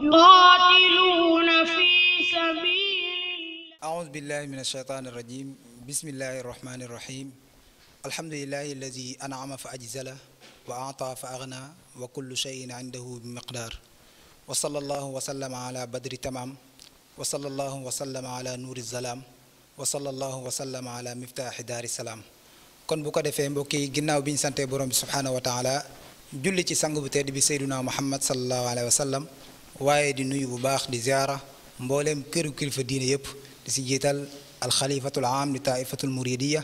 يقاتلون في سبيل الله أعوذ بالله من الشيطان الرجيم بسم الله الرحمن الرحيم الحمد لله الذي أنعم فأجزله وأعطى فأغنى وكل شيء عنده بمقدار وصلى الله وسلم على بدر تمام وصلى الله وسلم على نور الظلام وصلى الله وسلم على مفتاح دار السلام كن بوكا ko defee mbokk yi ginnaaw bi سبحانه وتعالى borom bi subhaanahu wa taala julli ci sang bu tedd bi sayduna waye di nuyu bu baax di ziara mbollem këru kilifa diine yep di ci si jiital alxalifatul am di taifatul muridiya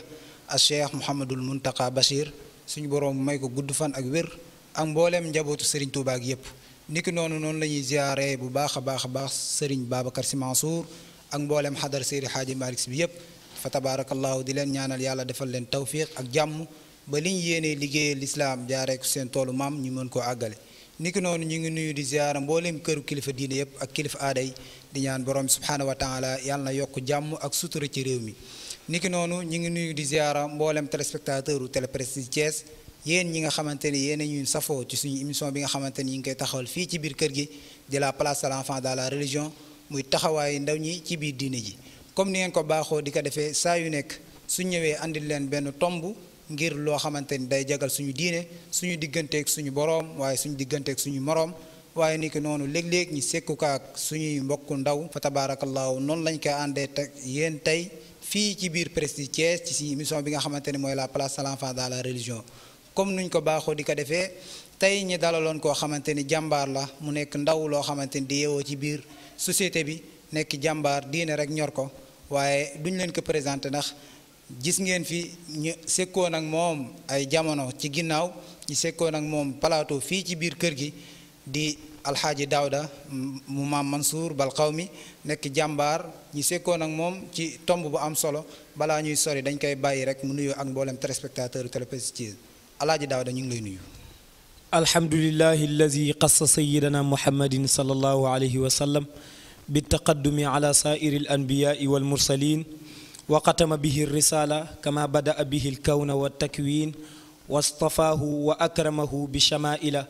al cheikh mouhamadul muntaqa bashir suñu borom may ko gudd fan ak wér ak mbollem njabotu serigne touba ak yep niki nonu non lañuy ziare bu baax baax baax serigne babacar si mansour ak mbollem hadar seydi hadji malik si yep fa tabarakallah di len ñaanal yàlla defal len tawfiq ak jàmm ba liñ yene liggéey l'islam jaaré ko sen tolu mam ñu mën ko agalé niki noonu ñu ngi nuyu di ziara mbooleem këru kilifa diine yëpp ak kilifa aaday di ñaan borom subhaanahu wa taala yàlla na yokk jàmm ak sutura ci réew mi. niki noonu ñu ngi nuyu di ziara mbooleem téléspectateur u Télé Prestige Thiès yéen ñi nga xamante ni yéen ñuy safoo ci suñu émission bi nga xamante ni ñu ngi koy taxawal fii ci biir kër gi de la place à l'enfant dans la religion muy taxawaay ndaw ñi ci biir diine ji comme ni ngeen ko baaxoo di ko defee saa yu nekk su ñëwee andil leen benn tomb ngir loo xamante ni day jagal suñu diine suñu digganteeg suñu boroom waaye suñu digganteeg suñu moroom waaye ni noonu léeg-léeg ñi sekku ko ak suñuy mbokku ndaw fa tabaarakallaahu noonu lañ koy àndee teg yéen tey fii ci biir Prestige Thiès ci si émission bi nga xamante ni mooy la place de l'enfant dans la religion comme nuñ ko baaxoo di ko defee tey ñi dalaloon koo xamante ni jàmbaar la mu nekk ndaw loo xamante ni di yeewoo ci biir société bi nekk jàmbaar diine rek ñor ko waaye duñ leen ko présenté ndax gis ngeen fi ñu sekkoon ak moom ay jamono ci ginnaaw ñu sekkoon ak moom plateau fii ci biir kër gi di alxaaji daawda mu maam Mansour bal xaw mi nekk jàmbaar ñu sekkoon ak moom ci tomb bu am solo balaa ñuy sori dañ koy bàyyi rek mu nuyoo ak mboolem téléspectateur Télé Prestige alxaaji daawda ñu ngi lay nuyu الحمد لله الذي قص سيدنا محمد صلى الله عليه وسلم بالتقدم على سائر الأنبياء والمرسلين وختم به الرسالة كما بدأ به الكون والتكوين واصطفاه وأكرمه بشمائل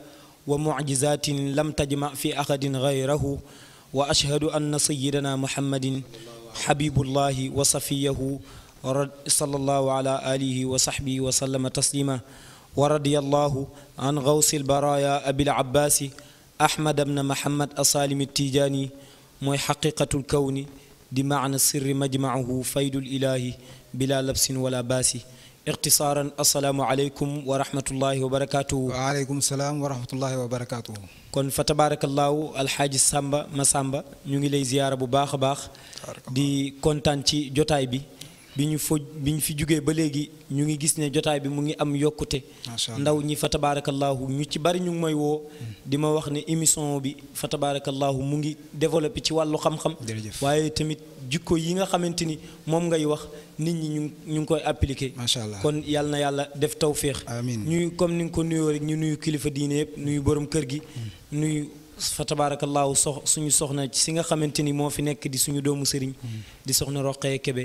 ومعجزات لم تجمع في أحد غيره وأشهد أن سيدنا محمد حبيب الله وصفيه صلى الله على آله وصحبه وسلم تسليما ورضي الله عن غوص البرايا أبي العباس أحمد بن محمد أصالم التيجاني محققة الكون بمعنى السر مجمعه فيد الإله بلا لبس ولا باس اقتصارا السلام عليكم ورحمة الله وبركاته وعليكم السلام ورحمة الله وبركاته كن فتبارك الله الحاج Samba مسامبا ñu ngi lay ziyaara bu baax a baax di kontaan bi ñu fo bi ñu fi jugee ba léegi ñu ngi gis ne jotaay bi mu ngi am yokkute ndaw ñi fa tabaarakallaahu ñu ci bari ñu ngi may woo hmm. di ma wax ne émission bi fa tabaarakallaahu mu ngi développé ci wàllu xam-xam waaye tamit jikko yi nga xamante ni moom ngay wax nit ñi ñu ñu ngi koy appliqué macha allah kon yàlla na yàlla def tawféex amiin ñuy comme ni nga ko nuyoo rek ñu nuyu kilifa diine yëpp nuyu boroom kër gi hmm. nuyu fa tabaarakallaahu sox suñu soxna si nga xamante ni moo fi nekk di suñu doomu sëriñ mm-hmm. di soxna roqee kebe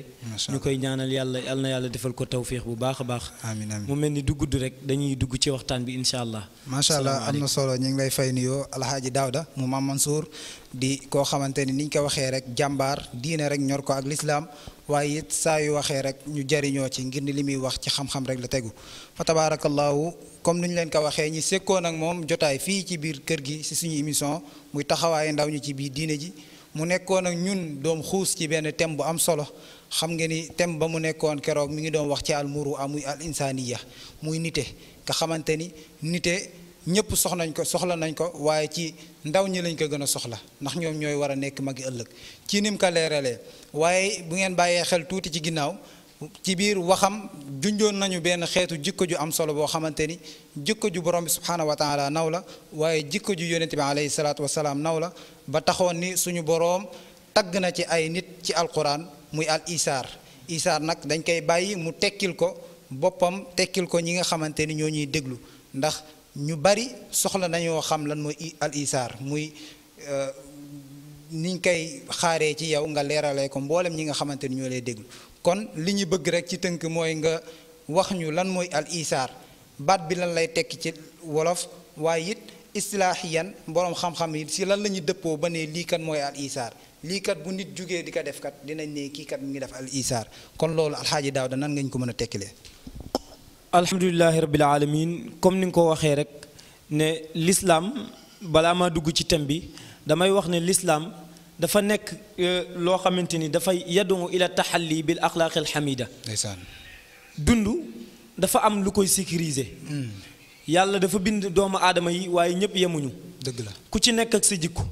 ñu koy ñaanal yàlla yal na yàlla defal ko tawféex bu baax a baax amiin amiin mu mel ni du gudd rek dañuy dugg ci waxtaan bi incha allah macha allah am na solo ñu ngi lay fay nuyoo alhaaji daawda mu maam Mansour di koo xamante ni niñ ko waxee rek jàmbaar diine rek ñor ko ak lislaam waaye it saa yu waxee rek ñu jariñoo ci ngir ni li muy wax ci xam-xam rek la tegu fa tabaarakallaahu comme ni ñu leen ko waxee ñi sekkoon nag moom jotaay fii ci biir kër gi si suñu émission muy taxawaayu ndaw ñi ci biir diine ji mu nekkoon ak ñun doom xuus ci benn thème bu am solo xam nga ni thème ba mu nekkoon keroog mu ngi doon wax ci almuru amuy al insaniya muy nite nga xamante ni nite ñëpp soxnañ ko soxla nañ ko waaye ci ndaw ñi lañ ko gën a soxla ndax ñoom ñooy war a nekk magi ëllëg ci nim ko leeralee waaye bu ngeen bàyyee xel tuuti ci ginnaaw. ci biir waxam junjoon nañu benn xeetu jikko ju am solo boo xamante ni jikko ju borom bi subhaanahu wa naw la waaye jikko ju yonente bi alayhi salaatu wasalaam naw la ba taxoon ni suñu boroom tagg na ci ay nit ci alquran muy al isaar isaar nag dañ koy bàyyi mu tekkil ko boppam tekkil ko ñi nga xamante ni ñoo ñuy déglu ndax ñu bari soxla nañoo xam lan mooy al isaar muy euh, niñ koy xaaree ci yow nga leeralee ko mboolem ñi nga xamante ni ñoo lay déglu kon li ñu bëgg rek ci tënk mooy nga wax ñu lan mooy al baat bi lan lay tekki ci wolof waaye it istilaahiyan boroom xam-xam yi si lan la ñu dëppoo ba ne lii kat mooy al isaar lii bu nit jógee di ko def kat dinañ ne kii kat mu ngi def al isaar kon loolu alxaaji daaw da nan nga ñu ko mën a tekkilee alhamdulilahi rabbil alamin comme ni nga ko waxee rek ne lislaam balaa ma dugg ci thème bi damay wax ne lislaam dafa nekk euh, loo xamante ni dafay yaddu ila lii bi axlaaqi alxamida ndeysaan dund dafa am lu koy sécuriser hmm. yàlla dafa bind doomu aadama yi waaye ñëpp yemuñu dëgg la ku ci nekk ak sa jikko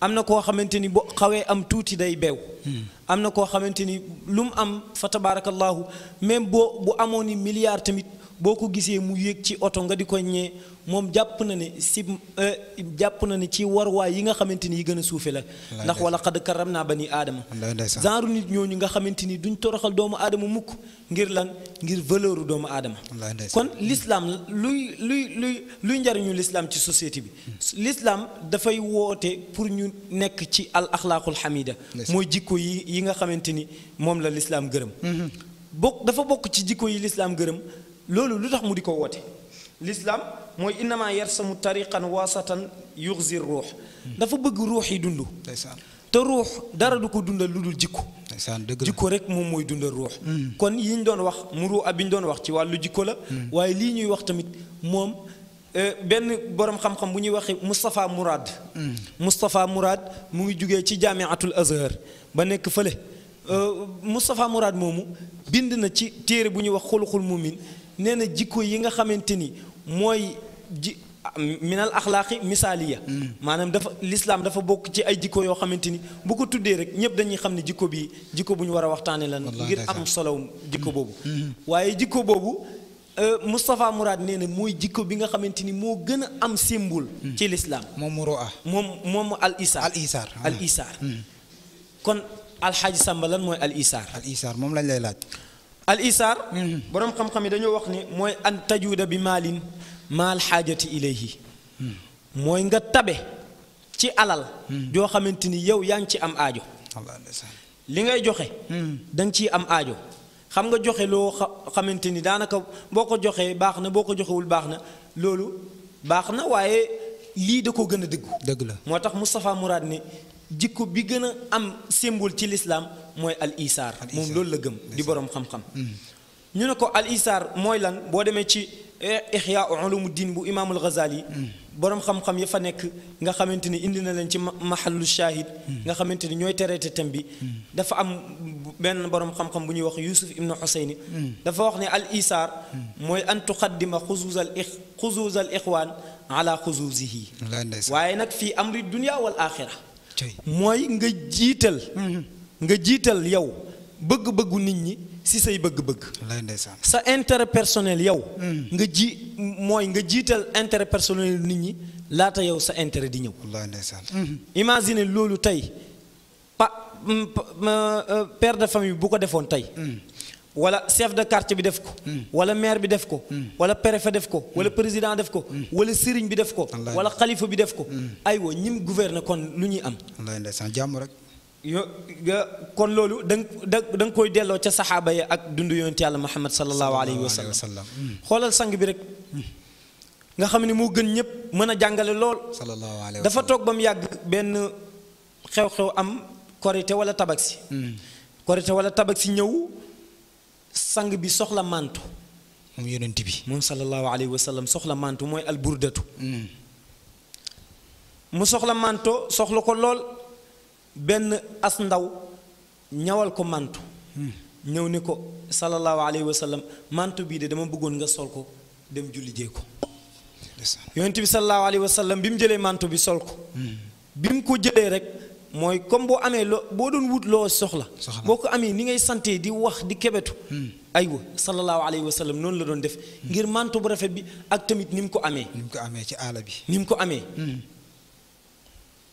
am na koo xamante ni bu xawee am tuuti day beew hmm. am na koo xamante ni lu mu am fa tabaarakallaahu même boo bu amoon ni milliard tamit boo ko gisee mu yéeg ci oto nga di ko ñee moom jàpp na ne si euh, jàpp na ne ci war warwaay yi nga xamante ni yi gën a suufe la ndax wala xad karam naa bani aadama genre nit ñooñu nga xamante ni duñ toroxal doomu aadama mukk ngir lan ngir valeuru doomu aadama kon l'islam luy luy luy luy njariñu lislaam ci société bi lislaam dafay woote pour ñu nekk ci al axlaaqul xamida mooy jikko yi yi nga xamante ni moom la lislaam gërëm mm-hmm. bokk dafa bokk ci jikko yi l'islam gërëm loolu lu tax mu di ko woote moy inama yarsamu tariqan wasatan yughzi yuxsi ruux dafa bëgg ruux yi ndaysan te ruh dara du ko dundal jikko ndaysan deug jikko rek mom moy dundal ruh kon yi ñu doon wax muru ab ñu doon wax ci walu jikko la waye li ñuy wax tamit mom ben borom xam-xam bu ñuy waxee mustafa murad mustafa murad mu ngi jugee ci jami'atul Azhar ba nek fële mustafa murad momu bind na ci téré bu ñuy wax xuluxul mumin neena jikko yi nga xamanteni moy من الاخلاق مثاليه مانام دافا الاسلام دافا بوك سي اي جيكو يو خامتيني بوكو تودي ريك نييب داني خامني جيكو بي جيكو بو نوارا واختاني لا غير ام سولو جيكو بوبو واي جيكو بوبو مصطفى مراد نينا موي جيكو بيغا خامتيني مو غن ام سيمبول سي الاسلام موم رؤى موم موم الايسار الايسار الايسار كون الحاج سامبلان موي الايسار الايسار موم لاج لاي لاج الايسار بروم خام خامي دانيو واخني موي ان تجود بمالين mal hajati ilayhi moy nga tabe ci alal joo xamanteni yow yang ci am aajo li ngay joxe dang ci am aajo xam nga joxe lo xamanteni danaka boko joxe baxna boko baax na boo ko joxewul baax na loolu baax da ko gëna dëggu la motax mustafa murad ni jikko bi gëna am symbole ci l'islam moy al isar mom loolu la gëm di borom xam-xam ñu ne ko al isar moy lan bo démé ci Ihya ulumuddin bu imaamul Ghazali borom xam-xam ya fa nekk nga xamante ni indi na leen ci mahallu shahid nga xamante ni ñooy traité thème bi dafa am benn borom xam-xam bu ñuy wax Yusuf ibnu Xuseyni dafa wax ne al isaar mooy an tuqaddima xuzuuz al ix xuzuuz al ixwaan ala xuzuuzihi waaye nag fii amri dunia wal axira mooy nga jiital nga jiital yow bëgg-bëggu nit ñi si say bëgg-bëgg. lay ndeysaan sa intérêt personnel yow. Hmm. nga ji mooy nga jiital intérêt personnel nit ñi laata yow sa intérêt di ñëw. lay ndeysaan. Hmm. imagine loolu tey pa hmm, euh, père de famille bu ko defoon tey. wala chef de quartier bi def ko. wala maire bi def ko. wala préfet def ko. wala président def ko. wala sëriñ bi def ko. wala xalifa bi def ko. aywa ñim gouverne kon lu ñuy am. yo kon loolu da da nga koy delloo ca saxaaba ya ak dundu yonent yàlla Muhammad sallallahu alayhi wa sallam mm. xoolal sang bi rek nga xam ne moo gën ñëpp mën a jàngale lool. dafa toog ba mu yàgg benn xew-xew am korite wala tabaksi mm. korite wala tabaski ñëw sang bi soxla mantu. moom yonent bi moom sallallahu alayhi wa sallam soxla mantu mooy alburdatu. Mm. mu soxla soxla ko lool. benn as ndaw ñawal ko mantu hmm. ñëw ni ko sallallahu alayhi wa sallam mantu bii de dama bëggoon nga sol ko dem julli jee ko yonent bi sallallahu alayhi wa sallam bi mu jëlee mantu bi sol ko hmm. bi mu ko jëlee rek mooy comme boo amee loo boo doon wut loo soxla boo ko amee ni ngay santee di wax di kebetu hmm. aywa sallallahu alayhi wa sallam noonu la doon def ngir mantu bu rafet bi ak tamit ni mu ko amee ni mu ko amee ci aala bi ni mu ko amee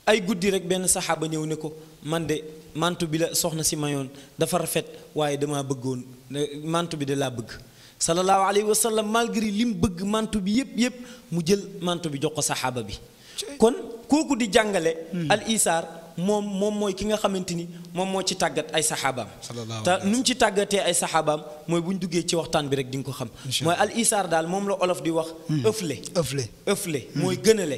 ay guddi rek benn saxaaba ñëw ne ko man de mantu bi la soxna si mayoon dafa rafet waaye dama bëggoon mantu bi de laa bëgg sallallahu alayhi wa sallam malgré li mu bëgg mantu bi yëpp yëpp mu jël mantu bi jox ko saxaaba bi kon kooku di jàngale hmm. al mom mom moy ki nga xamanteni mom mo ci tagat ay saxaabaam ta nu ci tagate ay saxaabaam moy buñ duggé ci waxtan bi rek di ko xam moy al isar dal mom la olof di wax eufle eufle eufle moy gënale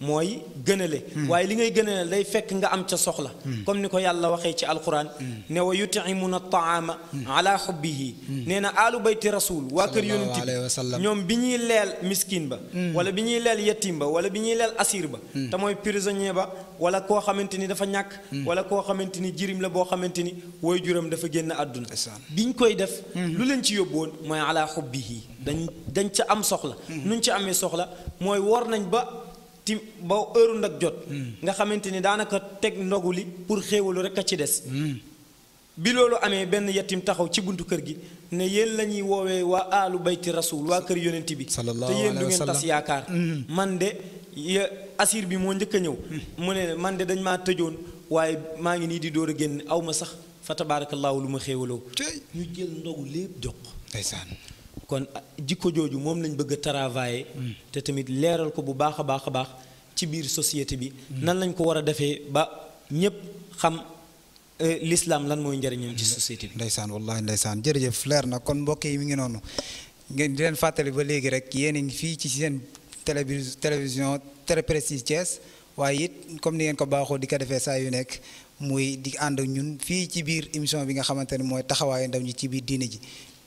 moy gënale waaye li ngay gënale day fekk nga am ci soxla comme niko yàlla waxé ci alquran ne wa yutimuuna at'ama ala hubbihi neena alu bayti rasul wa kër yonent ñom biñi lél miskin ba wala biñi lél yatim ba wala biñi lél asir ba ta moy prisonnier ba wala ko xamanteni dafa ñàkk hmm. wala koo xamante ni jirim la boo xamante ni wooy juram dafa génn àdduna ñu koy def hmm. lu leen ci yóbboon mooy ala xubbihi dañ dañ ca am soxla hmm. nuñ ci amee soxla mooy wor nañ ba ti ba heure ndag jot nga xamante ni daanaka teg ndogu li pour xéewalu rek a ci des bi loolu amee benn yettim taxaw ci buntu kër gi ne yéen la ñuy woowee waa aalu bayti rasul waa kër yonent bi te yéen du ngeen tas yaakaar man de ya asir bi moo njëkk a ñëw mu ne man de dañ maa tëjoon waaye maa ngi nii di door a génn aw ma sax fa tabaarakallaahu lu ma xéewaloo ñu jël ndogu lépp jox ndeysaan kon jikko jooju moom lañ bëgg a travailler hmm. te tamit leeral ko bu baax a baax a baax ci biir société bi hmm. nan lañ ko war a defee ba ñépp xam euh, l'islam lan mooy njëriñam ci société bi ndeysaan wallahi ndeysaan jërëjëf leer na kon mbokk yi mi ngi noonu ngeen di leen fàttali ba léegi rek yéen a télévis télévision très waaye it comme ni ngeen ko baaxoo di ko defee saa yu nekk muy di ànd ak ñun fii ci biir émission bi nga xamante ni mooy taxawaayu ndaw ñi ci biir diine ji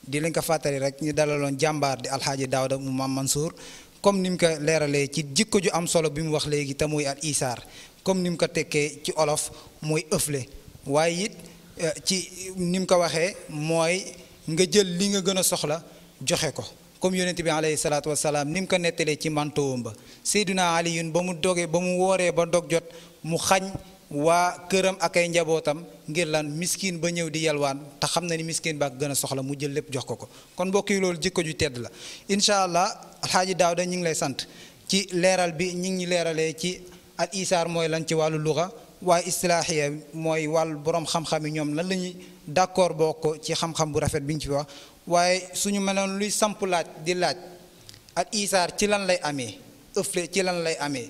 di lañ ko fàttali rek ñu dalaloon jàmbaar di alxaaji da mu maam Mansour comme ni mu ko leeralee ci jikko ju am solo bi mu wax léegi te muy al isaar comme ni mu ko tekkee ci olof mooy ëfle waaye it eh, ci ni mu ko waxee mooy nga jël li nga gën a soxla joxe ko comme yonent bi alayhi salaatu wasalaam ni mu ko nettalee ci mantoom ba Seydina Aliyun ba mu dogee ba mu wooree ba dog jot mu xañ waa këram ak ay njabootam ngir lan miskin ba ñëw di yalwaan te xam na ni miskin ba gën a soxla mu jël lépp jox ko ko kon mbokk yi loolu jikko ju tedd la incha allah alxaaji Daawda ñu ngi lay sant ci leeral bi ñu ngi leeralee ci al isaar mooy lan ci wàllu luga waaye islaaxiya mooy wàll borom xam-xam yi ñoom lan la ñuy d'accord bokk ci xam-xam bu rafet bi ñu ci wax waaye suñu meloon luy samp laaj di laaj al isaar ci lan lay amee ëfle ci lan lay amee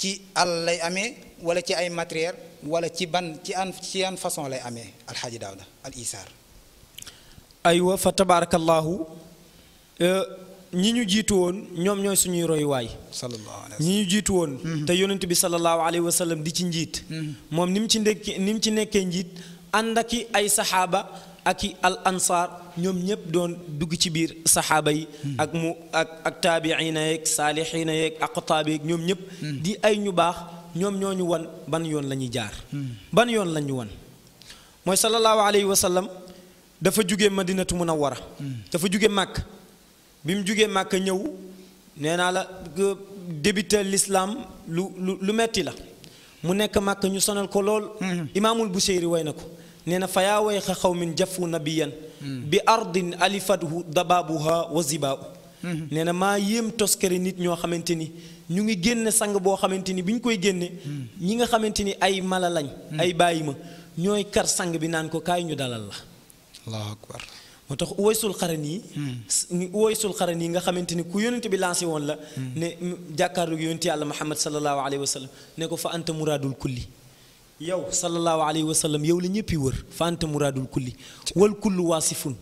ci àll lay amee wala ci ay matériel wala ci ban ci an ci yan façon lay amee alxaaji daawda al isaar aywa fa tabarakallahu ñi ñu jitu won ñom ñoy suñuy royuwaay ñi ñu jiitu te yonent bi sallallahu alayhi wasallam sallam di ci njiit moom ni ci nekkee ni ci nekkee njiit ànd ay saxaaba aki al ansaar ñoom ñëpp doon dugg ci biir saxaaba yi ak mu ak ak taabiina yeeg saalixiina yeeg aqtaab yeeg ñoom ñëpp di ay ñu baax ñoom ñoo ñu ban yoon la jaar ban yoon la ñu wan sallallahu alayhi wa dafa jóge madinatu munawwara dafa jóge makkah bi mu jógee màkk ñëw nee naa la débuté lislaam lu lu metti la mu nekk màkk ñu sonal ko lool mm-hmm. imaamul Buseyri woy na ko nee na fa yaa way xa min jafu nabiyan mm-hmm. bi ardin alifadhu dabaabuha wa zibaahu mm-hmm. nee na maa yéem toskari nit ñoo xamante ni ñu ngi génne sang boo xamante ni bi ñu koy génne ñi nga xamante ni ay mala lañ ay bàyyi ma ñooy kar sang bi naan ko kaay ñu dalal la motax tax uwaysul xaran yi uwaysul xaran yi nga xamanteni ku yónent bi lancé won la ne jàkkaarlu yónent yàlla muhammad salallahu alayhi wa sallam ne ko fa anta muradul kulli yow salallahu alayhi wa sallam yow la ñëpp wër fa anta muradul kulli wal kullu waasifun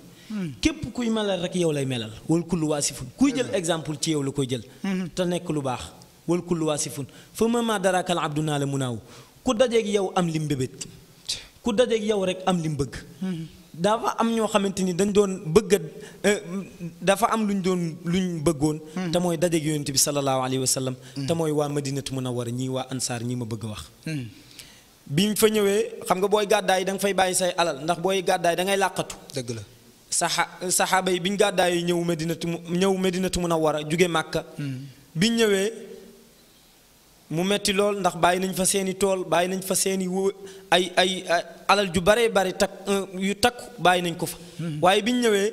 képp kuy melal rek yow lay melal wal kullu wasifun kuy jël exemple ci yow la koy jël ta nek lu bax wal kullu wasifun fa ma mama darakal abdu naa la munaw ku dajeeg yow am lim bébét ku dajeeg yow rek am lim bëgg dafa am ñoo xamante ni dañ doon bëgg euh, dafa am lu ñu doon lu ñu bëggoon. Hmm. te mooy dajeeg yonent bi sallallahu alayhi wa sallam. Hmm. te mooy waa Madinatu war ñii waa ansaar ñii ma bëgg wax. Hmm. bi ñu fa ñëwee xam nga booy gàddaay da nga fay bàyyi say alal ndax booy gàddaay da ngay làqatu. dëgg la saxa saxaaba yi biñ gàddaay ñëw Madinatu ñëw Madinatu Munawwara jóge Màkka. biñ ñëwee. mu metti lool ndax bàyyi nañ fa seeni tool bàyyi nañ fa seeni wó ay ay alal ju bare bare tak euh, yu takku bàyyi nañ ko fa hmm. waaye bi ñëwee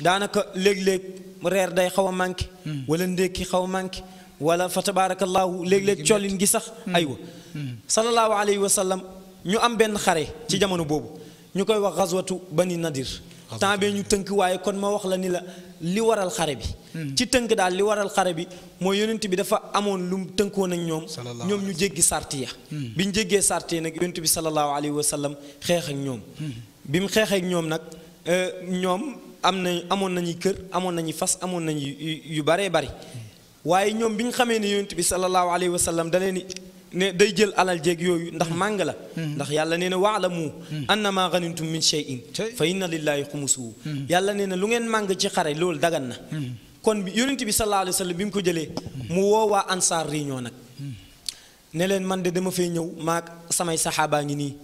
daanaka léeg-léeg reer day xaw a manqué hmm. wala ndékki xaw a manqué wala fa tabaarakallaahu hmm. léeg-léeg collin gi sax aywa sallallahu alayhi wa sallam ñu am benn xare ci jamono boobu ñu koy wax xaswatu bani nadir tambe ñu teunk waye kon ma wax la ni la li waral xare bi ci teunk dal li waral xare bi mo yonent bi dafa amoon lu teunk won ak ñom ñom ñu jéggi sartiya biñu jéggé jéggee sartiya nag yonent bi sallallahu alayhi wa sallam xex ak ñom bi xex ak ñom nak euh ñom amna amon nañu kër amon nañu fas amon nañu yu baree bari waye ñom biñu xamé ni yonent bi sallallahu alayhi wa sallam da leen ne day jël alal jeeg yooyu ndax hmm. màng la hmm. ndax yàlla nee na waalamu hmm. annama ganimtum min shay'in fa inna lillahi xumusuhu yàlla nee na lu ngeen màng ci xare loolu dagan na kon yonent bi sax alayhi wa sallam bi mu ko jëlee mu woo waa ansaar réunion nag ne leen man de dama fay ñëw maag samay saxaabaa ngi nii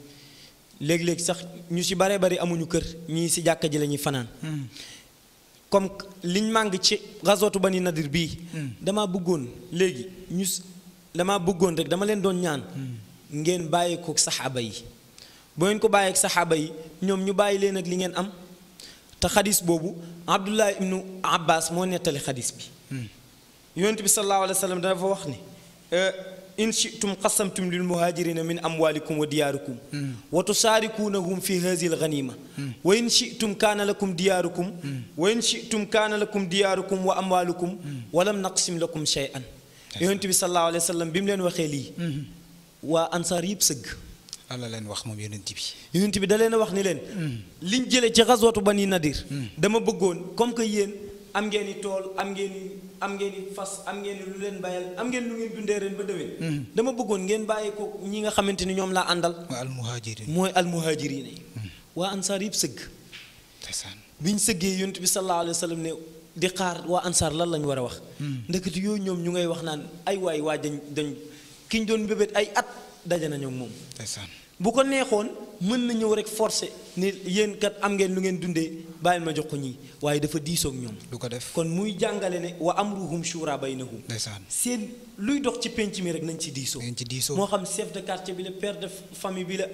léeg-léeg sax ñu si bare bari amuñu kër ñii si jàkka ji lañuy fanaan comme liñ màng ci gazootu Bani Nadir bii dama bëggoon léegi ñu damaa bëggoon rek dama leen doon ñaan ngeen bàyyi ko saxaaba yi bu ngeen ko bàyyeek saxaaba yi ñoom ñu bàyyi leen ak li ngeen am te xadis boobu abdullah ibnu abbas moo nettali xadis bi yonent bi sallallahu alayhi wa sallam dafa wax ne in shitum qasamtum lil muhajirina min amwalikum wa diyaarikum wa tusaarikunahum fi hadihi alganima wa in shitum kaana lakum diyaarukum wa in shitum kaana lakum diyaarukum wa amwalukum walam naqsim lakum shay'an yonent bi sallallahu alayhi wa sallam bi mu leen waxee lii. waa ansaar yëpp sëgg. la leen wax moom yonent bi. yonent bi da leen a wax ni leen. liñ jëlee ci xaswatu bani nadir. dama bëggoon comme que yéen am ngeen i tool am ngeen i am ngeen i fas am ngeen i lu leen bayal am ngeen lu ngeen dundee ren ba déwén. dama bëggoon ngeen bàyyi ko ñi nga xamante ni ñoom laa àndal. mooy almuhajirin mooy almuhajirin. waa ansaar yëpp sëgg. biñ sëggee yonent bi sallallahu alayhi wa sallam ne. di xaar waa ansaar lan lañ war a wax. Hmm. ndekete yooyu ñoom ñu ngay wax naan ay waay waa dañ dañ kiñ doon bébét ay at daje nañoo ak moom. bu ko neexoon mën na ñëw rek forcé ni yéen kat am ngeen lu ngeen dundee bàyyil ma jox ko ñii waaye dafa diisook ñoom. du ko def kon muy jàngale ne wa amruhum shura baynahum seen luy dox ci penc mi rek nañ ci diisoo. ci diisoo moo xam chef de quartier bi la per de famille bi la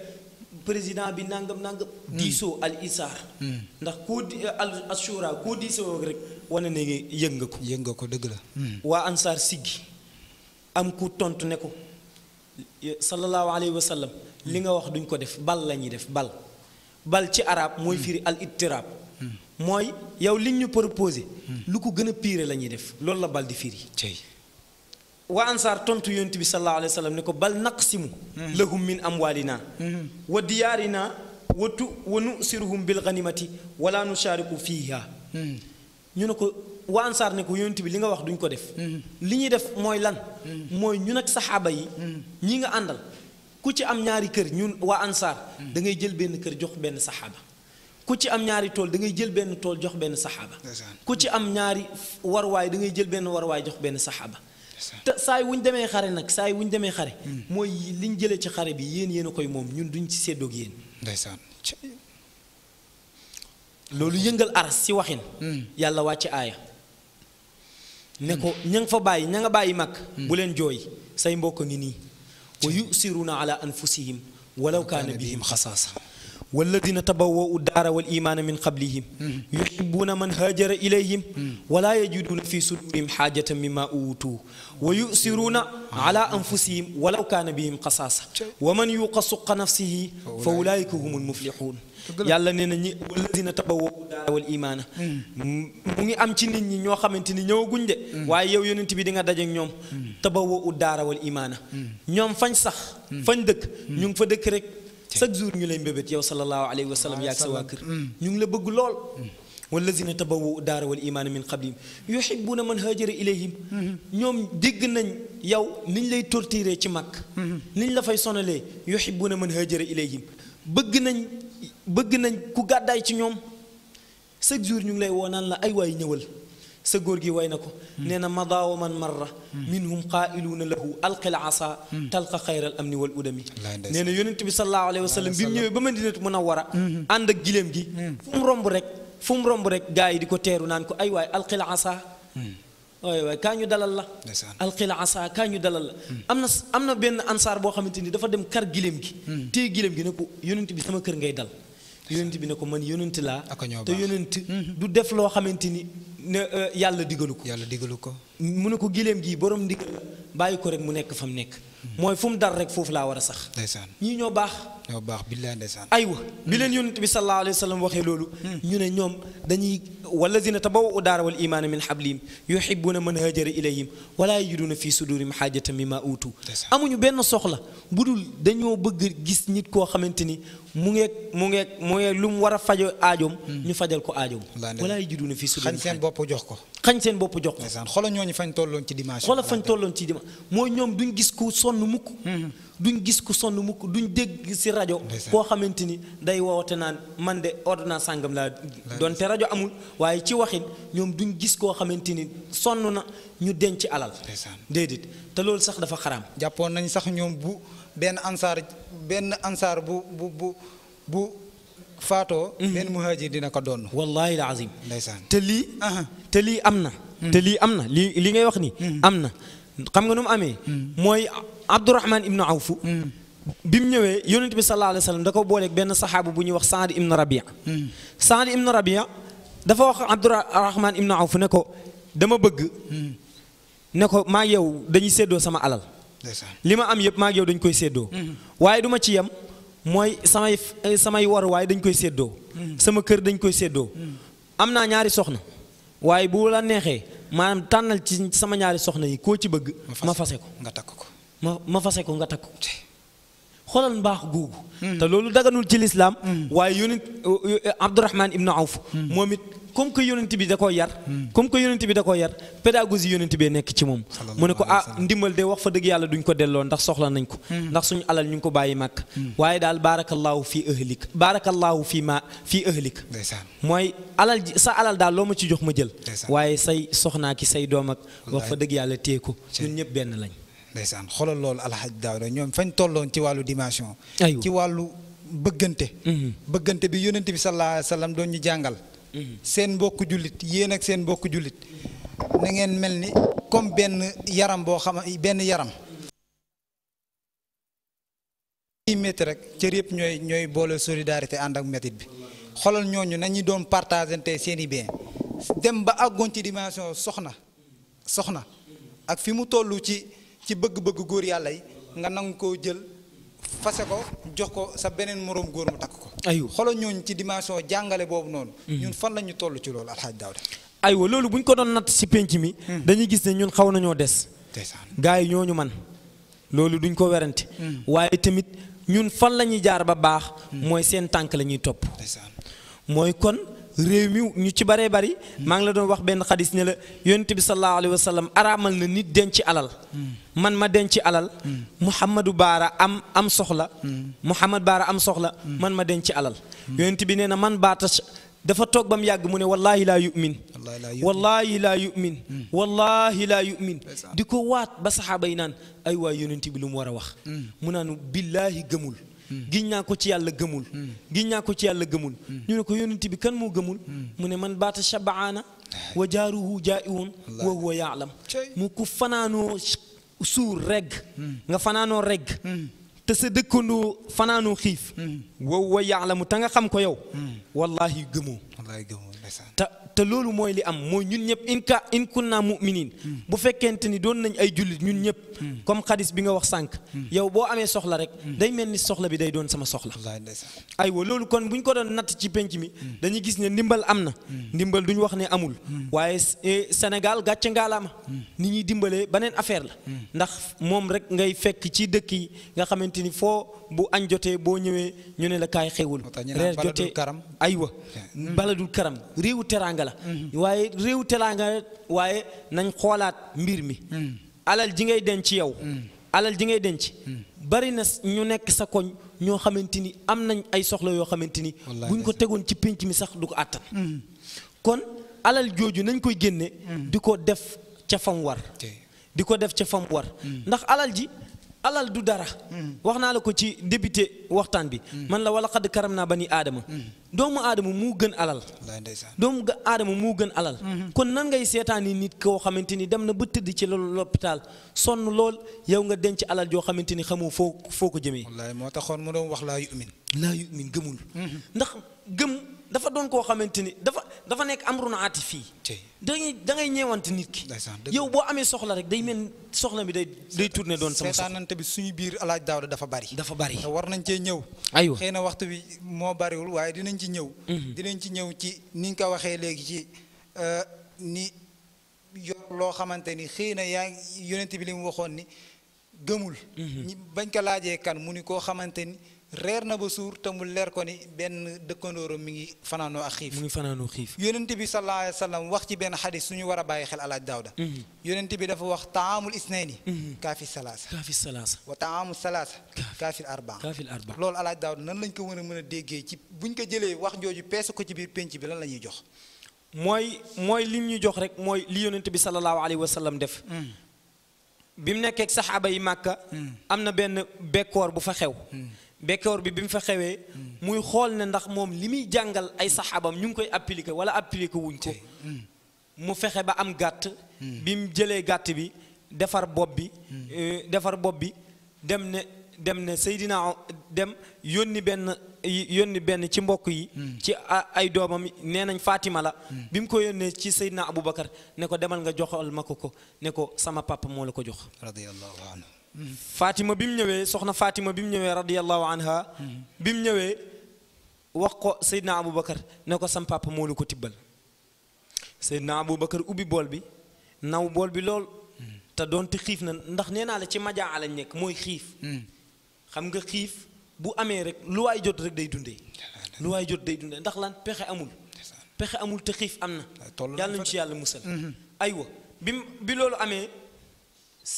président bi nangam nangam. Hmm. diisoo al isaar. Hmm. ndax koo di al rek. wane ne yëg ko. yëg ko dëgg la. Hmm. waa ansaar siggi am ku tontu ne ko sallallahu alayhi wa hmm. li nga wax duñ ko def bal lañuy def bal bal ci arab mooy hmm. firi al ittiraab mooy yow liñ ñu proposé. lu ko gën a piire la ñuy def loolu la bal di firi. waa ansaar tontu yonent bi sallallahu alayhi wa sallam ne ko bal naqsimu lahum min amwalina wa diyaarina wa tu wa nusiruhum bil ganimati wala nushaariku fiiha ñu ne ko waa ansaar ne ko yonent bi li nga wax duñ ko def mm-hmm. li ñuy def mooy lan mm-hmm. mooy ñun ak saxaaba yi mm-hmm. ñi nga àndal ku ci am ñaari kër ñun waa ansaar da ngay jël benn kër jox benn saxaaba ku ci am ñaari tool da ngay jël benn tool jox benn saxaaba ku ci am ñaari warwaay da ngay jël benn warwaay jox benn saxaaba te saa yi wu ñu demee xare nag saay yi wu ñu demee xare mm. mooy li ñu jëlee ci xare bi yéen yéen a koy moom ñun duñ ci séddoog yéen lolou yeungal aras si waxin hmm. yàlla wàcce aya ne ko ña fa bàyyi ñanga bàyyi mak hmm. bu len joy say mbok ngi ni wa yusiruna ala anfusihim walau kana bihim xasaasa والذين تبوأوا الدار والإيمان من قبلهم يحبون من هاجر إليهم ولا يجدون في صدورهم حاجة مما أوتوا ويؤثرون على أنفسهم ولو كان بهم قصاصة ومن يوق سق نفسه فأولئك هم المفلحون yàlla nee na ñi walladina tabawwa'u daara wal imaana mu ngi am ci nit ñi ñoo xamante ni ñëwaguñ de waaye yow yonent bi di nga daje ak ñoom tabawwa'u daara wal imaana ñoom fañ sax fañ dëkk ñu ngi fa dëkk rek chaque jour ñu lay mbébét yow sallallahu alayhi wa sallam yaag sa waa kër ñu ngi la bëgg lool والذين تبوؤوا الدار والايمان من قبلهم يحبون من هاجر اليهم ñoom dégg nañ yow niñ lay torturer ci mag niñ la fay sonalee yuhibbuna man hajara ilayhim bëgg nañ bëgg nañ ku gàddaay ci ñoom chaque jour ñu ngi lay woo naan la ay waay ñëwal sa góor gi way na ko nee na madaawa man marra minhum qaa'iluuna lahu alqil asa talqa xayral amni wal udami nee na yonent bi sallallahu alayhi wa sallam bi mu ñëwee ba madinatu munawwara ànd ak giléem gi fu mu romb rek fu mu romb rek gaa yi di ko teeru naan ko ay waay alqil asa waaye waaye kaa ñu dalal la alqil asa kaa ñu dalal la hmm. am na am na benn ansaar boo xamante ni dafa dem kar giléem gi hmm. téye giléem gi ne ko yonent bi sama kër ngay dal yonent bi ne ko man yonent laa te yonent hmm. du def loo xamante ni ne euh, yàlla digalu ko yàlla digalu ko mu ne ko giléem gii borom ndigal bàyyi ko rek mu nekk fa mu nekk mooy fu mu dal rek foofu laa war a sax ñii ñoo baax ñoo baax billaay ndeysaan aywa bi leen yonent bi sallallahu alayhi wa sallam waxee loolu ñu ne ñoom dañuy walladina tabawwa'u daara wal imaana min hablihim yuhibbuna man haajara ilayhim wala yajiduna fi sudurihim haajatan mimma uutu amuñu benn soxla bu dul dañoo bëgg gis nit koo xamante ni mu ngeeg mu ngeeg mu ngeeg lu mu war a fajo aajoom ñu fajal ko aajoom wala yajiduna fi sudurihim xañ seen bopp jox ko xañ seen bopp jox ko xoolal ñooñu fañ tolloon ci dimanche xoolal fañ tolloon ci dimanche mooy ñoom duñ gis ku sonn mukk duñ gis ku sonn mukk duñ dégg si rajo koo xamante ni day woote naan man de ordonnance sàngam laa donte rajo amul waaye ci waxin ñoom duñ gis koo xamante ni sonn na ñu denc alal déedéet te loolu sax dafa xaram jàppoon nañ sax ñoom bu benn ansaar benn ansaar bu bu bu bu faatoo mhm. benn muhaajir dina ko doon wallaahi la te lii te lii am na te mhm. lii am na lii li ngay wax ni mhm. am na xam nga nu mu amee. mooy Abdourahman ibnu Awf. bi mu ñëwee yonent bi sallallahu alayhi wa da ko booleeg benn saxaabu bu ñuy wax Saad Ibn Rabia. Saad Ibn Rabia dafa wax Abdourahman ibnu Awf ne ko dama bëgg. ne ko maa yow dañuy séddoo sama alal. li ma am yëpp maa yow dañ koy séddoo. waaye du ma ci yem mooy samay samay waruwaay dañ koy séddoo. sama kër dañ koy séddoo. am naa ñaari soxna waaye bu la neexee. maanaam tànnal ci sama ñaari soxna yi koo ci bëgg. ma fase ko nga takk ko. ma ma fase ko nga takk ko. xoolal mbaax googu. Hmm. te loolu daganul ci lislaam hmm. waaye yonent uh, uh, Abdurahman ibnu Awf hmm. moom it comme que yonent bi da koo yar comme que yonent bi da koo yar pédagogie yonent bee nekk ci moom mu ne ko ah ndimbal de wax fa dëgg yàlla duñ ko delloo ndax soxla nañ ko hmm. ndax suñu alal ñu ngi ko bàyyi màkk hmm. waaye daal baarakallaahu fii ahlik baarakallaahu fii ma fii ahlik mooy alal ji sa alal daal loo ma ci jox ma jël waaye say soxnaa ki say doom ak wax fa dëgg yàlla téye ko ñun ñëpp benn lañ ndeysaan xoolal loolu alxaj daawda ñoom fañ tolloon ci wàllu dimension ci wàllu bëggante hmm. bëggante bi yonent bi sallallahu alayhi wa sallam doon ñu jàngal seen mbokku jullit yéen ak seen mbokku jullit na ngeen mel ni comme benn yaram boo xam benn yaram. ci rek cër yëpp ñooy ñooy boole solidarité ànd ak métit bi xoolal ñooñu nañu doon partagé seen i bien dem ba àggoon ci dimension soxna soxna ak fi mu toll ci ci bëgg-bëgg góor yàlla yi nga nangu koo jël. fase ko jox ko sa beneen moroom góor mu takk ko. aywa xoolal ñooñu ci dimension jàngale boobu noonu. Hmm. ñun fan la ñu toll ci loolu alxaaj Daawda. aywa loolu bu ñu ko doon natt si penc mi. Hmm. dañuy gis ne ñun xaw nañoo des. gaa yi ñooñu man loolu duñ ko werante hmm. waaye tamit ñun fan la ñuy jaar ba baax. mooy seen tànk la ñuy topp. mooy kon. réew mi ñu ci baree bari maa ngi la doon wax benn xadis ne la yonent bi sallallahu alayhi wa sallam araamal na nit denc alal man ma denc alal mu Mouhamadou Baara am am soxla Mouhamad Baara am soxla man ma denc alal yonent bi nee na man baata dafa toog ba mu yàgg mu ne wallaahi laa yu'min wallaahi laa yu'min wallaahi laa hmm. di ko waat ba saxaaba yi naan ay waay yonent bi lu mu war a wax hmm. mu naan billaahi gëmul giñ naa ko ci yàlla gëmul giñ naa ko ci yàlla gëmul ñu ne ko yonent bi kan moo gëmul mu ne man baata shabaana wa jaaruhu jaaiwun wa huwa yaalam mu ku fanaanoo suur reg hmm. nga fanaanoo regg hmm. te sa dëkkandoo fanaanoo xiif hmm. wa huwa yaalamu te nga xam ko yow wallahi gëmoo te loolu mooy li am mooy ñun ñëpp in ka in kunna muminin hmm. bu fekkent ni doon nañ ay jullit ñun ñëpp hmm. comme xadis bi nga wax sànq hmm. yow boo amee soxla rek day mel ni soxla bi day doon sama soxla aywa loolu kon bu buñ ko doon natt ci penc mi dañuy gis ne ndimbal am na ndimbal ñu wax ne amul waaye e, Sénégal gàcce ma ni ñuy dimbalee beneen affaire la ndax moom rek ngay fekk ci dëkk yi nga xamante ni foo bu añ jotee boo ñëwee ñu ne la kaay xewul reer jotee aywa hmm. baladul karam réewu teraanga la hmm. waaye réewu teraanga waaye nañ xoolaat mbir mi hmm. alal ji ngay denc yow alal ji ngay denc bari na ñu nekk sa koñ ñoo xamante ni am nañ ay soxla yoo xamante ni buñ ko tegoon ci pénc mi sax du ko àttan kon alal jooju nañ koy génne di ko def ca fam war di ko def ca fam war ndax alal ji alal du dara hmm. wax naa la ko ci débuté waxtaan bi hmm. man la wala xadd karam naa ba ni aadama hmm. doomu aadama moo gën alal doomu aadama moo gën alal kon nan ngay seetaani nit koo xamante dem na ba tëdd ci loolu l'hôpital sonn lool yow nga denc alal joo xamante ni xamoo foo foo ko jëmee wallaay moo taxoon mu doon wax laa yu'min laa yu'min gëmul ndax gëm dafa doon koo xamante ni dafa dafa nekk amrun aatifi da ngay da ngay ñeewante nit ki. yow boo amee soxla rek day mel soxla bi day day tourné doon sama soxla. bi suñu biir alaaj daaw dafa bari. dafa bari war nañ cee ñëw. aywa xëy na waxtu bi moo bariwul waaye dinañ ci ñëw. Mhm. dinañ ci ñëw ci ni nga waxee léegi ci euh, ni yor loo xamante ni xëy na yaa yonent bi li waxoon ni gëmul. Mhm. bañ ko laajee kan mu ni koo xamante ni. reer na ba suur te mu leer ko ni benn dëkkandooram mi ngi fanaanoo ak xiif. mu ngi fanaanoo xiif. yonent bi sallallahu alayhi wa sallam wax ci benn xadis suñu war a bàyyi xel alaaj daawda. yonent bi dafa wax taamul isnayni. kaafi salaasa. kaafi salaasa. wa taamu salaasa. kaafi arba. kaafi arba. loolu alaaj daawda nan lañ ko mën a mën a déggee ci buñ ko jëlee wax jooju peese ko ci biir penc bi lan la ñuy jox. mooy mooy lim ñu jox rek mooy li yonent bi sallallahu alayhi wa sallam def. bi mu nekkee saxaaba yi màkka. am na benn bekkoor bu fa xew. bekkoor bi bi mu fa xewee muy xool ne ndax moom li muy jàngal ay saxaabam ñu ngi koy appliquer wala appliquer wuñ ko mu fexe ba am gàtt bi mu jëlee gàtt bi defar bopp bi euh, defar bopp bi dem ne dem ne Seydina dem yónni benn yónni benn ci mbokk yi ci ay doomam nee nañ Fatima la bi mu ko yónnee ci Seydina bakar ne ko demal nga joxal ma ko ko ne ko sama papa moo la ko jox faatima bi mu ñëwee soxna Fatima bi mu ñëwee radiyallahu anha. bi mu ñëwee wax ko Seydina Aboubacar ne ko sam papa moo la ko tibbal Seydina Aboubacar ubbi bool bi naw bool bi lool. te doonte xiif na ndax nee naa la ci majaa lañ nekk mooy xiif. xam nga xiif bu amee rek lu waay jot rek day dundee. lu waay jot day dundee ndax lan pexe amul. pexe amul te xiif am na. yàlla nañ ci yàlla musal. Mhm. aywa bi loolu amee.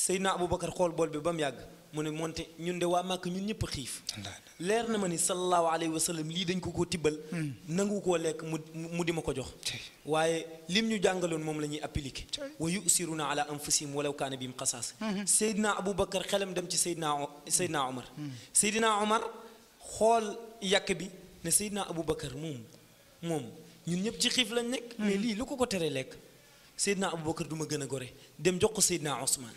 سيدنا ابو بكر خول بول بام ياغ مون مونت نون دي وا ماك نون نيب خيف لير نما ني صلى الله عليه وسلم لي دنج كوكو تيبل نانغو كو ليك مودي ماكو جوخ واي ليم ني جانغالون موم لا ني ابليك ويؤسرون على انفسهم ولو كان بهم قصاص سيدنا ابو بكر خلم دم سي سيدنا سيدنا عمر سيدنا عمر خول ياك بي ني سيدنا ابو بكر موم موم نون نيب جي خيف لا نيك مي لي لوكو تري ليك سيدنا ابو بكر دوما غنا غوري دم جوخ سيدنا عثمان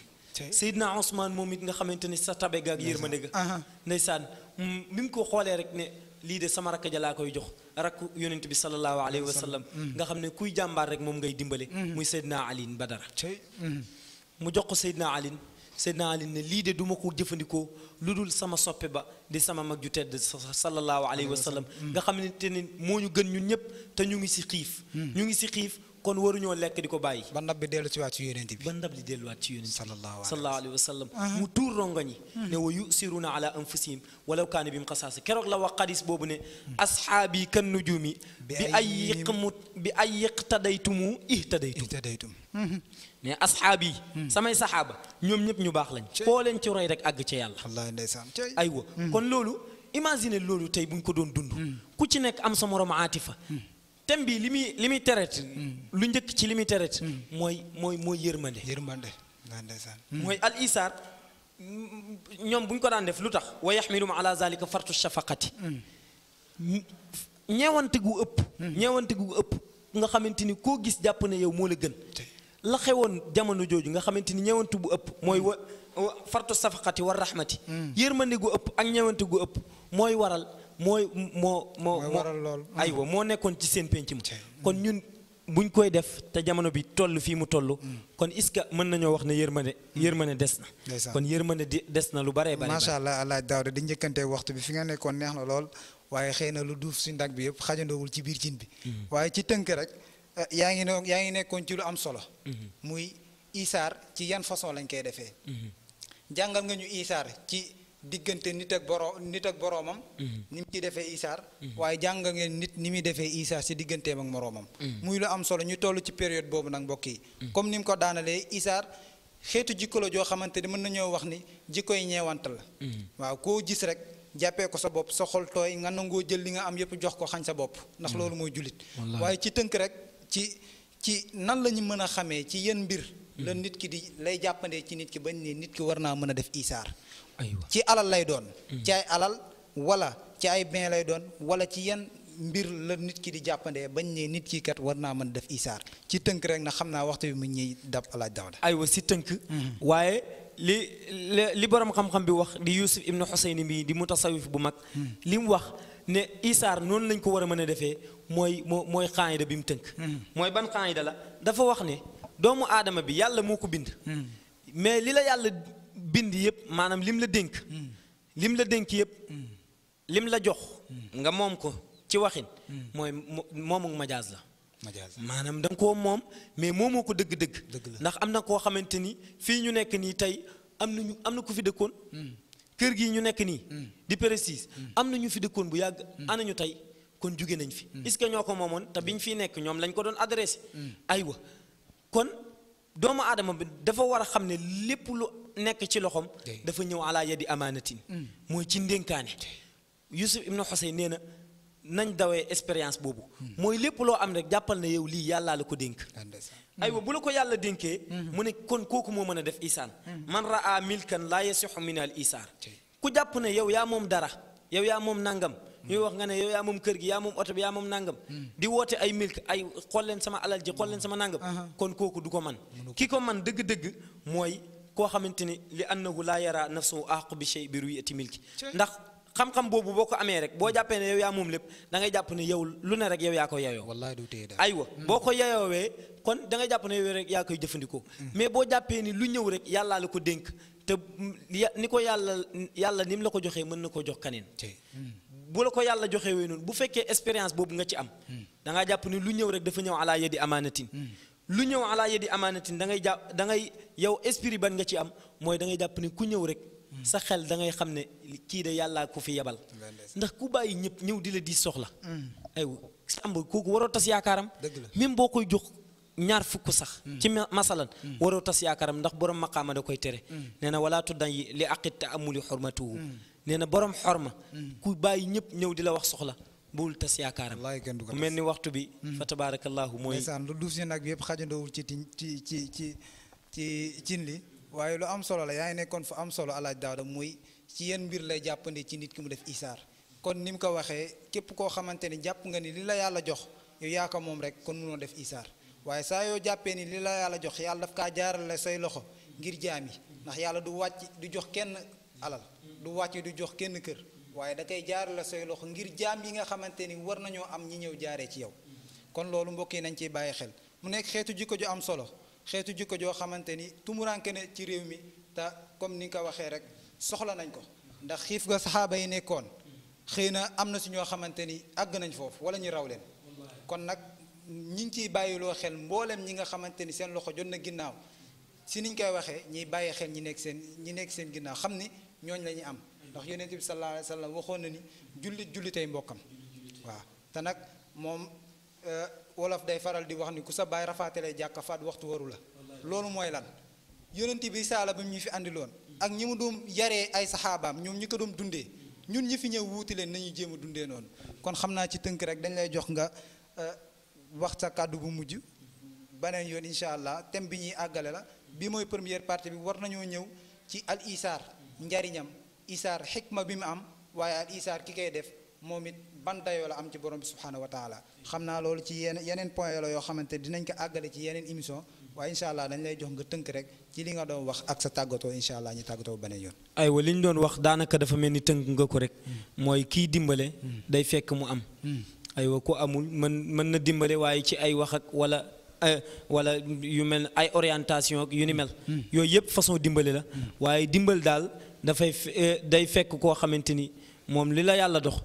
Seydina Ousmane moom it nga xamante ne sa tabe ga ak yërmande ga ndeysaan bi mu ko xoolee rek ne lii de sama rakk ja laa koy jox rakku yonent bi sallallahu alayhi wa sallam mm. nga xam ne kuy jàmbaar rek moom ngay dimbale mm. muy Seydina Alin Badara mm. mu jox ko Seydina Alin Seydina Alin ne lii de du ma ko jëfandikoo lu dul sama soppe ba di sama mag ju tedd sallallahu alayhi wa sallam nga xamante ne moo ñu gën ñun ñëpp te ñu ngi si xiif ñu ngi si xiif kon waruñoo lekk di ko bàyyi. ba ndab bi dellusiwaat ci yonent bi. ba ndab di delluwaat ci yonent bi. sallallahu alayhi wa sallam mu tuur rongoñ yi. Mm-hmm. ne wa yusiruuna ala anfusihim walaw kaana bihim xasaasa keroog la wax xadis bi ay yiqmu bi ay yiqtadaytumu mais asxaab samay saxaaba ñoom ñëpp ñu baax lañ foo leen ci roy rek àgg ca yàlla wallaay ndeysaan aywa mm-hmm. kon loolu imagine loolu tey buñ ko doon dund mm-hmm. ku ci nekk am sa morom aatifa thème bii li muy li muy tereet hmm. lu njëkk ci li muy tereet hmm. mooy mooy mooy yërmande yërmande hmm. mooy al isaar ñoom bu ñu ko daan def lu tax wa yaxmilum ala zalika fartu shafaqati ñeewante gu ëpp ñeewante gu ëpp nga xamante ni koo gis jàpp na yow moo la gën la xewoon jamono jooju nga xamante ni ñeewante bu ëpp mooy wa fartu shafaqati war rahmati yërmande gu ëpp ak ñeewante gu ëpp mooy waral mooy moo moo moo aywa moo nekkoon ci seen penc ma kon ñun buñ koy def te jamono bi toll fii mu toll mm. kon est-ce mën nañoo wax ne ne yërmande mm. ne des na kon yërmande des na lu bare bare macha allah alaaj daaw de di njëkkante waxtu bi fi nga nekkoon neex na lool waaye xëy na lu duuf si ndag bi yëpp xajandoowul ci biir cin bi mm-hmm. waaye ci tënk rek eh, yaa ngi ne yaa ngi nekkoon ci lu am solo mm-hmm. muy isaar ci yan façon lañ koy defee mm-hmm. jàngal nga ñu isaar ci diggante nit ak boro nit ak boromam mm-hmm. ni mu ci defee isaar mm-hmm. waaye jàng nit ni muy defee isaar si ak moroomam mm-hmm. muy lu am solo ñu toll ci période boobu nag mbokk yi comme ni ko daanalee isar xeetu jikko la joo xamante ni mën nañoo wax ni jikkoy ñeewant la waaw koo gis rek ko sa bopp sa xol tooy nga nangoo jël li nga am yëpp jox ko xañ sa bopp ndax loolu mooy jullit waaye ci tënk rek ci ci nan la ñu mën ci mbir la hmm. nit ki di lay jàppandee ci nit ki bañ ne nit ki war naa mën a def isaar ci alal lay doon hmm. ci ay alal wala ci ay bien lay doon wala ci yan mbir la nit ki di jàppandee bañ ne nit ki kat war naa mën a def isaar ci tënk rek na xam naa waxtu bi mu ñuy dab alaaj dawda aywa si tënk hmm. waaye li li borom xam-xam bi wax di Yuusuf ibnu Xuseyn bi di mutasawif bu mag li mu wax ne isaar noonu lañ ko war a mën a defee mooy moo mooy xaayida bi mu tënk mooy ban la dafa wax ne doomu aadama bi yàlla moo ko bind hmm. mais li la yàlla bind yëpp maanaam lim la dénk hmm. lim la dénk yëpp hmm. lim la jox nga moom ko ci waxin mooy moomu majaas la maanaam da nga koo moom mais moomoo ko dëgg-dëgg ndax am na koo xamante ni fii ñu nekk nii tey am nañu am na ku fi dëkkoon kër gii ñu nekk nii di précise am na ñu fi dëkkoon bu yàgg anañu tey kon jóge nañ fi est ñoo ko moomoon te biñ fiy nekk ñoom lañ ko doon adressé aywa kon doomu aadama bi dafa war a xam ne lépp lu nekk ci loxoom. dafa ñëw ala yadi amaanatin. Mm. mooy ci ndénkaane. Yusuf Ibn Xuseyn nee na nañ dawee expérience boobu. Mm. mooy lépp loo am rek jàppal na yow lii yàllaa la ko dénk. Mm. aywa bu la ko yàlla dénkee. Mm-hmm. mu ne kon kooku moo mën a def isaan. man raa milkan laa yasixu min al isaar ku jàpp na yow yaa moom dara yow yaa moom nangam. ñuy wax nga ne yow yaa moom kër gi yaa moom oto bi yaa moom nangam hmm. di woote ay milk ay xool leen sama alal ji xool leen sama nangam uh-huh. kon kooku du ko man ki ko man dëgg-dëgg mooy koo xamante ni li annahu laa yara nafsuhu aqu bi shay bi ruyati milki ndax xam-xam boobu boo ko amee rek boo jàppee ne yow yaa moom lépp dangay jàpp ne yow lu ne rek yow yaa ko yayoo wallaay du tee aywa hmm. boo ko yayoowee kon da jàpp ne yow rek yaa koy jëfandikoo hmm. mais boo jàppee ni lu ñëw rek yàllaa la ko dénk te ni ko yàlla yàlla ni mu la ko joxee mën na ko jox kaneen bu la ko yàlla joxewee noonu bu fekkee expérience boobu nga ci am da nga jàpp ni lu ñëw rek dafa ñëw ala yedi amanatin lu ñëw ala yedi amanatin da ngay jàpp da ngay yow esprit ban nga ci am mooy da ngay jàpp ni ku ñëw rek sa xel da ngay xam ne kii de yàlla ko fi yebal ndax ku bàyyi ñëpp ñëw di la di soxla aywa sàmb kooku waroo tas yaakaaram même boo koy jox ñaar fukk sax ci masalan waroo tas yaakaaram ndax borom maqaama da koy tere nee na walaa tuddan li aqit ta amuli xurmatuhu nee na borom xorma. Hmm. ku bàyyi ñëpp ñëw di la wax soxla. bul tas yaakaaram mu mel ni waxtu bi. Hmm. fa tabaarakallaahu mooy. ndeysaan lu duuf si nag yëpp xajandoowul ci ci ci ci ci cin li. waaye lu am solo la yaa ngi nekkoon fu am solo alaaj daawda muy ci yenn mbir lay jàppandi ci nit ki mu def isaar. kon ni mu ko waxee képp koo xamante ni jàpp nga ni li la yàlla jox yow yaa ko moom rek kon munoo def isaar waaye saa yoo jàppee ni li la yàlla jox yàlla daf kaa jaaral la say loxo ngir jaam alal du wàcce du jox kenn kër waaye da koy jaar la say loxo ngir jaam yi nga xamante ni war nañoo am ñi ñëw jaaree ci yow kon loolu mbokk yi nañ ciy bàyyi xel mu nekk xeetu jikko ju am solo xeetu jikko joo xamante ni tumuranke ne ci réew mi te comme ni nga waxee rek soxla nañ ko ndax xiif ga saxaaba yi nekkoon xëy na am na si ñoo xamante ni àgg nañ foofu wala ñu raw leen kon nag ñi ngi ciy bàyyiloo xel mboolem ñi nga xamante ni seen loxo jot na ginnaaw si niñ koy waxee ñiy bàyyi xel ñi nekk seen ñi nekk seen ginnaaw xam ni ñooñ la ñuy am ndax yonent bi sallallahu alayhi wa waxoon na ni jullit jullitay mbokkam waaw te nag moom euh, wolof day faral di wax ni ku sa baay rafaatale jàkka faat waxtu waru la loolu mooy lan yonent bi saala ba ñu fi àndiloon ak ñi mu doom yare ay saxaabaam ñoom ñi ko doon dundee ñun ñi fi ñëw wuuti leen nañu jéem a dundee noonu kon xam naa ci tënk rek dañ lay jox nga euh, wax sa kàddu bu mujj baneen yoon incha allah thème bi ñuy àggale la bi mooy première partie bi war nañoo ñëw ci al isaar njariñam isaar xikma bi mu am waaye al isaar ki koy def moom it ban dayoo la am ci borom bi subhaanahu wa xam naa loolu ci yeneen point la yoo xamante dinañ ko àggale ci yeneen émission waaye incha allah dañ lay jox nga tënk rek ci li nga doon wax ak sa tàggatoo incha allah ñu tàggatoo beneen yoon. aywa li ñu doon wax daanaka dafa mel ni tënk nga ko rek mooy kiy dimbale mm. day fekk mu am mm. aywa ku amul mën mën na dimbale waaye ci ay wax ak wala. Eh, wala yu mel ay orientation ak yu ni mel hmm. Hmm. yooyu yëpp façon dimbali la hmm. waaye dimbali daal dafay eh, day fekk koo xamante ni moom li la yàlla dox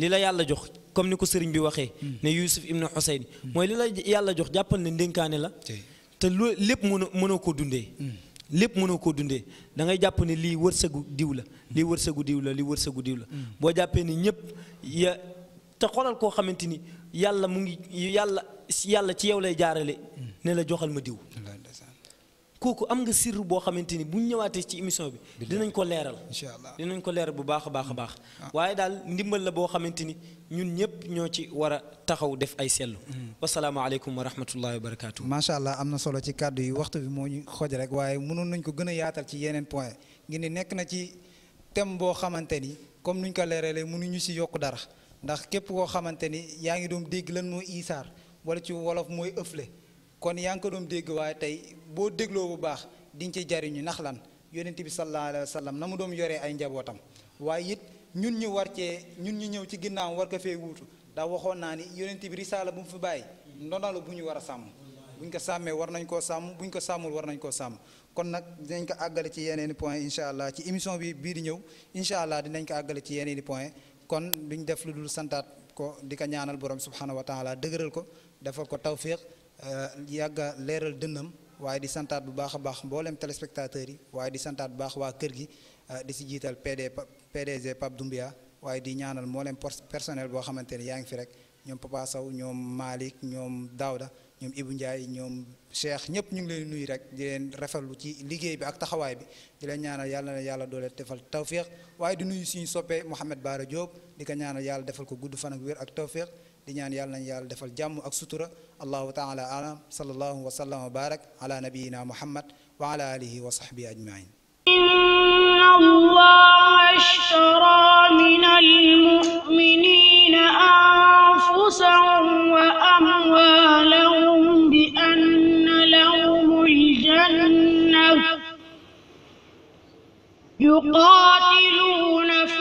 li la yàlla jox comme ni ko sëriñ bi waxee ne Yuusuf ibnu Xuseyn mooy li la yàlla jox jàppal na ndénkaane la te lu lépp mën mënoo koo dundee lépp mënoo koo dundee da ngay jàpp ni lii wërsëgu diw la lii wërsëgu diw la lii wërsëgu diw la boo jàppee ni ñëpp te xoolal koo xamante ni yàlla mu ngi yàlla yàlla ci yow lay jaarale ne la joxal ma diw kooku am nga sirru boo xamante ni bu ñu ñëwaatee ci émission bi dinañ ko leeral incha allah dinañ ko leeral bu baax a baax a baax ah. Ah. waaye daal ndimbal la boo xamante ni ñun ñëpp ñoo ci war a taxaw def ay sellu mm. wasalaamaaleykum wa rahmatullahi wa barakaatu macha allah am na solo ci kàddu yi waxtu bi moo ñu xooj rek waaye mënoon nañ ko gën a yaatal ci yeneen point ngi ne nekk na ci thème boo xamante ni comme nuñ ko leeralee mënuñu si yokk dara ndax képp koo xamante ni yaa ngi doon dégg lan mooy isaar wala ci wolof mooy ëfle kon yaa ngi ko doon dégg waaye tey boo dégloo bu baax di nga jariñu ndax lan yonent bi sallallahu alayhi wa sallam na mu doon yoree ay njabootam waaye it ñun ñu war cee ñun ñu ñëw ci ginnaaw war ko fee wuutu ndax waxoon naa ni yonent bi risaala bu mu fi bàyyi ndonal bu ñu war a sàmm bu ñu ko sàmmee war nañ koo sàmm bu ñu ko sàmmul war nañ koo sàmm kon nag dinañ ko àggale ci yeneen i point incha allah ci émission bi bii di ñëw incha allah dinañ ko àggale ci yeneen i point kon duñ def lu dul santaat ko di ko ñaanal borom subhanahu wa taala dëgëral ko defal ko tawfiq euh, yàgga leeral dënnam waaye di santaat bu baax a baax mboolem téléspectateurs yi waaye di santaat bu baax waa kër gi euh, di si jiital PD PDG Pape Doumbia waaye di ñaanal mboolem personnel boo xamante ne yaa ngi fi rek ñoom Papa Sow ñoom Malick ñoom Daouda ñoom Ibou Ndiaye ñoom Cheikh ñëpp ñu ngi leen nuyu rek di leen rafetlu ci liggéey bi ak taxawaay bi di leen ñaanal yàlla na yàlla doole defal tawféex waaye di nuyu suñu soppee Mouhamed Baara Diop di ko ñaanal defal ko gudd fan ak wér ak tawféex di ñaan defal jàmm ak sutura allahu taala alam sallallahu wa sallam wa barak ala nabiyina muhammad wa ala alihi wa sahbihi ajmain الله اشترى من المؤمنين أنفسهم وأموالهم بأن لهم الجنة يقاتلون في